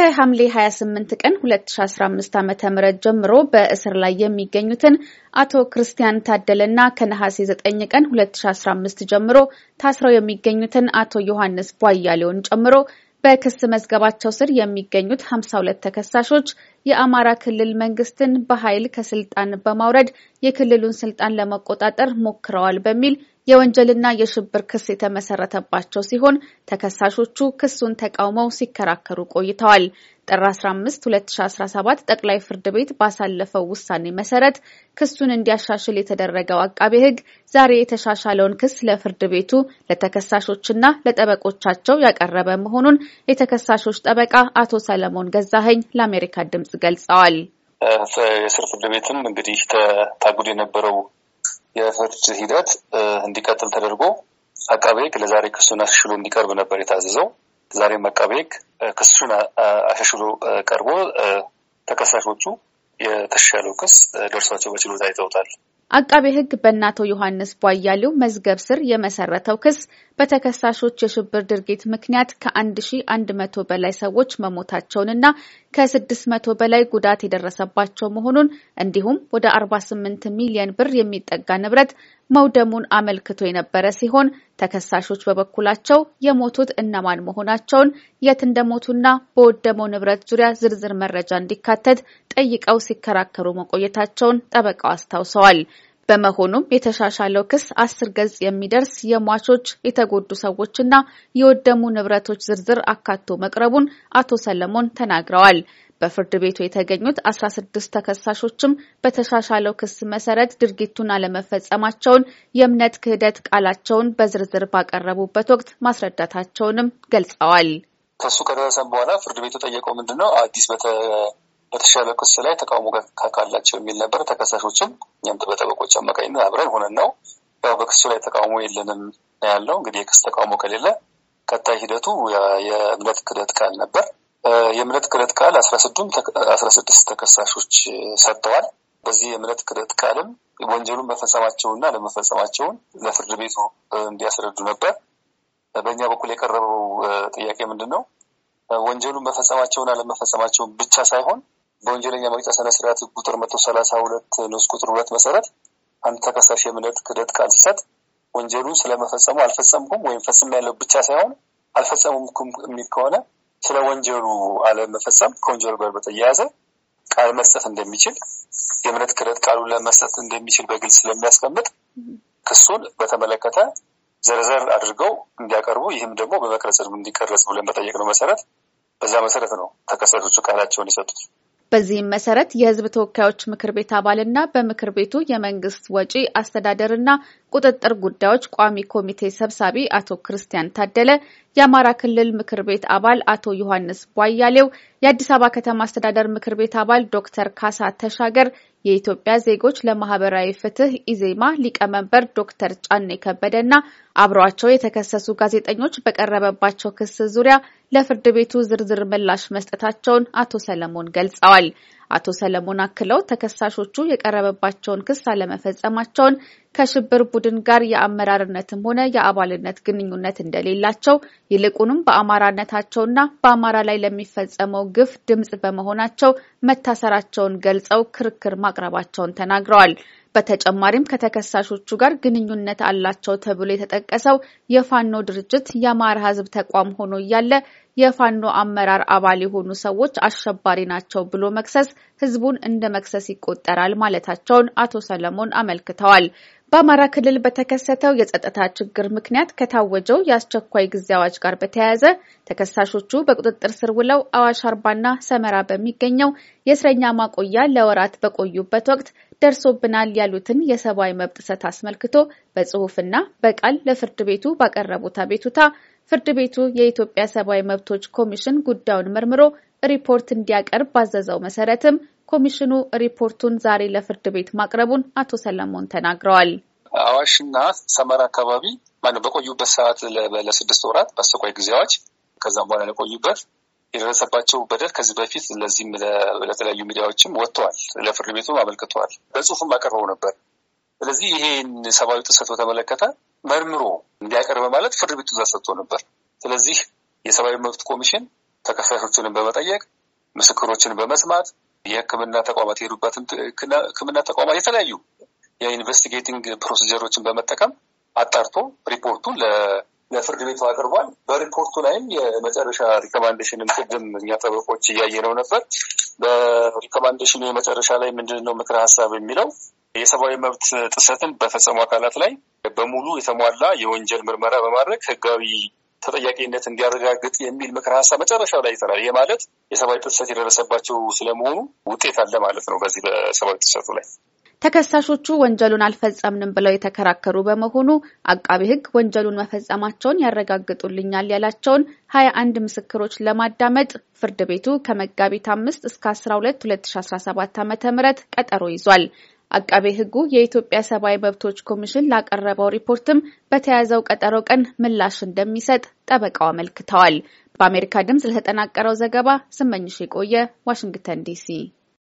ከሐምሌ 28 ቀን 2015 ዓ ም ጀምሮ በእስር ላይ የሚገኙትን አቶ ክርስቲያን ታደለና ከነሐሴ 9 ቀን 2015 ጀምሮ ታስረው የሚገኙትን አቶ ዮሐንስ ቧያሌውን ጨምሮ በክስ መዝገባቸው ስር የሚገኙት 52 ተከሳሾች የአማራ ክልል መንግስትን በኃይል ከስልጣን በማውረድ የክልሉን ስልጣን ለመቆጣጠር ሞክረዋል በሚል የወንጀልና የሽብር ክስ የተመሰረተባቸው ሲሆን ተከሳሾቹ ክሱን ተቃውመው ሲከራከሩ ቆይተዋል። ጥር 15 2017 ጠቅላይ ፍርድ ቤት ባሳለፈው ውሳኔ መሰረት ክሱን እንዲያሻሽል የተደረገው አቃቤ ሕግ ዛሬ የተሻሻለውን ክስ ለፍርድ ቤቱ ለተከሳሾችና ለጠበቆቻቸው ያቀረበ መሆኑን የተከሳሾች ጠበቃ አቶ ሰለሞን ገዛኸኝ ለአሜሪካ ድምጽ ገልጸዋል። የስር ፍርድ ቤትም እንግዲህ ታጉድ የነበረው የፍርድ ሂደት እንዲቀጥል ተደርጎ አቃቤ ሕግ ለዛሬ ክሱን አሻሽሎ እንዲቀርብ ነበር የታዘዘው። ዛሬም አቃቤ ሕግ ክሱን አሻሽሎ ቀርቦ ተከሳሾቹ የተሻለው ክስ ደርሷቸው በችሎታ ይተውታል። አቃቤ ሕግ በእናቶ ዮሐንስ ቧያሌው መዝገብ ስር የመሰረተው ክስ በተከሳሾች የሽብር ድርጊት ምክንያት ከ1100 በላይ ሰዎች መሞታቸውንና ከ መቶ በላይ ጉዳት የደረሰባቸው መሆኑን እንዲሁም ወደ 48 ሚሊዮን ብር የሚጠጋ ንብረት መውደሙን አመልክቶ የነበረ ሲሆን ተከሳሾች በበኩላቸው የሞቱት እነማን መሆናቸውን፣ የት እንደሞቱና በወደመው ንብረት ዙሪያ ዝርዝር መረጃ እንዲካተት ጠይቀው ሲከራከሩ መቆየታቸውን ጠበቃው አስታውሰዋል። በመሆኑም የተሻሻለው ክስ አስር ገጽ የሚደርስ የሟቾች የተጎዱ ሰዎችና የወደሙ ንብረቶች ዝርዝር አካቶ መቅረቡን አቶ ሰለሞን ተናግረዋል። በፍርድ ቤቱ የተገኙት አስራ ስድስት ተከሳሾችም በተሻሻለው ክስ መሰረት ድርጊቱን አለመፈጸማቸውን የእምነት ክህደት ቃላቸውን በዝርዝር ባቀረቡበት ወቅት ማስረዳታቸውንም ገልጸዋል። ከሱ ከደረሰም በኋላ ፍርድ ቤቱ ጠየቀው ምንድን ነው አዲስ በተሻለ ክስ ላይ ተቃውሞ ካላቸው የሚል ነበር። ተከሳሾችም እኛም በጠበቆች አማካኝነት አብረን ሆነን ነው ያው በክሱ ላይ ተቃውሞ የለንም ነው ያለው። እንግዲህ የክስ ተቃውሞ ከሌለ ቀጣይ ሂደቱ የእምነት ክደት ቃል ነበር። የእምነት ክደት ቃል አስራ ስድስት ተከሳሾች ሰጥተዋል። በዚህ የእምነት ክደት ቃልም ወንጀሉን መፈጸማቸውንና ለመፈጸማቸውን ለፍርድ ቤቱ እንዲያስረዱ ነበር። በእኛ በኩል የቀረበው ጥያቄ ምንድን ነው? ወንጀሉን መፈጸማቸውና ለመፈጸማቸውን ብቻ ሳይሆን በወንጀለኛ መቅጫ ስነ ስርዓት ቁጥር መቶ ሰላሳ ሁለት ንዑስ ቁጥር ሁለት መሰረት አንድ ተከሳሽ የእምነት ክህደት ቃል ሲሰጥ ወንጀሉ ስለመፈጸሙ አልፈጸምኩም ወይም ፈጽም ያለው ብቻ ሳይሆን አልፈጸሙም የሚል ከሆነ ስለ ወንጀሉ አለመፈጸም ከወንጀሉ ጋር በተያያዘ ቃል መስጠት እንደሚችል የእምነት ክህደት ቃሉን ለመስጠት እንደሚችል በግልጽ ስለሚያስቀምጥ ክሱን በተመለከተ ዘርዘር አድርገው እንዲያቀርቡ ይህም ደግሞ በመቅረጽ እንዲቀረጽ ብለን በጠየቅነው መሰረት በዛ መሰረት ነው ተከሳሾቹ ቃላቸውን የሰጡት። በዚህም መሰረት የህዝብ ተወካዮች ምክር ቤት አባልና በምክር ቤቱ የመንግስት ወጪ አስተዳደርና ቁጥጥር ጉዳዮች ቋሚ ኮሚቴ ሰብሳቢ አቶ ክርስቲያን ታደለ፣ የአማራ ክልል ምክር ቤት አባል አቶ ዮሐንስ ቧያሌው፣ የአዲስ አበባ ከተማ አስተዳደር ምክር ቤት አባል ዶክተር ካሳ ተሻገር የኢትዮጵያ ዜጎች ለማህበራዊ ፍትህ ኢዜማ ሊቀመንበር ዶክተር ጫኔ ከበደና አብሯቸው የተከሰሱ ጋዜጠኞች በቀረበባቸው ክስ ዙሪያ ለፍርድ ቤቱ ዝርዝር ምላሽ መስጠታቸውን አቶ ሰለሞን ገልጸዋል። አቶ ሰለሞን አክለው ተከሳሾቹ የቀረበባቸውን ክስ አለመፈጸማቸውን፣ ከሽብር ቡድን ጋር የአመራርነትም ሆነ የአባልነት ግንኙነት እንደሌላቸው፣ ይልቁንም በአማራነታቸውና በአማራ ላይ ለሚፈጸመው ግፍ ድምጽ በመሆናቸው መታሰራቸውን ገልጸው ክርክር ማቅረባቸውን ተናግረዋል። በተጨማሪም ከተከሳሾቹ ጋር ግንኙነት አላቸው ተብሎ የተጠቀሰው የፋኖ ድርጅት የአማራ ሕዝብ ተቋም ሆኖ እያለ የፋኖ አመራር አባል የሆኑ ሰዎች አሸባሪ ናቸው ብሎ መክሰስ ሕዝቡን እንደ መክሰስ ይቆጠራል ማለታቸውን አቶ ሰለሞን አመልክተዋል። በአማራ ክልል በተከሰተው የጸጥታ ችግር ምክንያት ከታወጀው የአስቸኳይ ጊዜ አዋጅ ጋር በተያያዘ ተከሳሾቹ በቁጥጥር ስር ውለው አዋሽ አርባና ሰመራ በሚገኘው የእስረኛ ማቆያ ለወራት በቆዩበት ወቅት ደርሶብናል ያሉትን የሰብአዊ መብት ጥሰት አስመልክቶ በጽሁፍና በቃል ለፍርድ ቤቱ ባቀረቡት አቤቱታ ፍርድ ቤቱ የኢትዮጵያ ሰብአዊ መብቶች ኮሚሽን ጉዳዩን መርምሮ ሪፖርት እንዲያቀርብ ባዘዘው መሰረትም ኮሚሽኑ ሪፖርቱን ዛሬ ለፍርድ ቤት ማቅረቡን አቶ ሰለሞን ተናግረዋል። አዋሽና ሰመራ አካባቢ ማነው በቆዩበት ሰዓት ለስድስት ወራት በአስቸኳይ ጊዜ አዋጅ ከዛም በኋላ ለቆዩበት የደረሰባቸው በደል ከዚህ በፊት ለዚህም ለተለያዩ ሚዲያዎችም ወጥተዋል፣ ለፍርድ ቤቱም አመልክተዋል፣ በጽሁፍም አቀርበው ነበር። ስለዚህ ይሄን ሰብአዊ ጥሰት በተመለከተ መርምሮ እንዲያቀርበ ማለት ፍርድ ቤቱ ትዕዛዝ ሰጥቶ ነበር። ስለዚህ የሰብአዊ መብት ኮሚሽን ተከሳሾችንም በመጠየቅ ምስክሮችን በመስማት የህክምና ተቋማት የሄዱበትን ህክምና ተቋማት የተለያዩ የኢንቨስቲጌቲንግ ፕሮሲጀሮችን በመጠቀም አጣርቶ ሪፖርቱን ለፍርድ ቤቱ አቅርቧል። በሪፖርቱ ላይም የመጨረሻ ሪኮማንዴሽንን ቅድም እኛ ጠበቆች እያየነው ነበር። በሪኮማንዴሽኑ የመጨረሻ ላይ ምንድን ነው ምክረ ሀሳብ የሚለው የሰብአዊ መብት ጥሰትን በፈጸሙ አካላት ላይ በሙሉ የተሟላ የወንጀል ምርመራ በማድረግ ህጋዊ ተጠያቂነት እንዲያረጋግጥ የሚል ምክር ሀሳብ መጨረሻው ላይ ይጠራል። ይህ ማለት የሰብአዊ ጥሰት የደረሰባቸው ስለመሆኑ ውጤት አለ ማለት ነው በዚህ በሰብአዊ ጥሰቱ ላይ ተከሳሾቹ ወንጀሉን አልፈጸምንም ብለው የተከራከሩ በመሆኑ አቃቢ ሕግ ወንጀሉን መፈጸማቸውን ያረጋግጡልኛል ያላቸውን ሀያ አንድ ምስክሮች ለማዳመጥ ፍርድ ቤቱ ከመጋቢት አምስት እስከ አስራ ሁለት ሁለት ሺ አስራ ሰባት ዓመተ ምህረት ቀጠሮ ይዟል። አቃቤ ሕጉ የኢትዮጵያ ሰብአዊ መብቶች ኮሚሽን ላቀረበው ሪፖርትም በተያዘው ቀጠሮ ቀን ምላሽ እንደሚሰጥ ጠበቃው አመልክተዋል። በአሜሪካ ድምፅ ለተጠናቀረው ዘገባ ስመኝሽ የቆየ ዋሽንግተን ዲሲ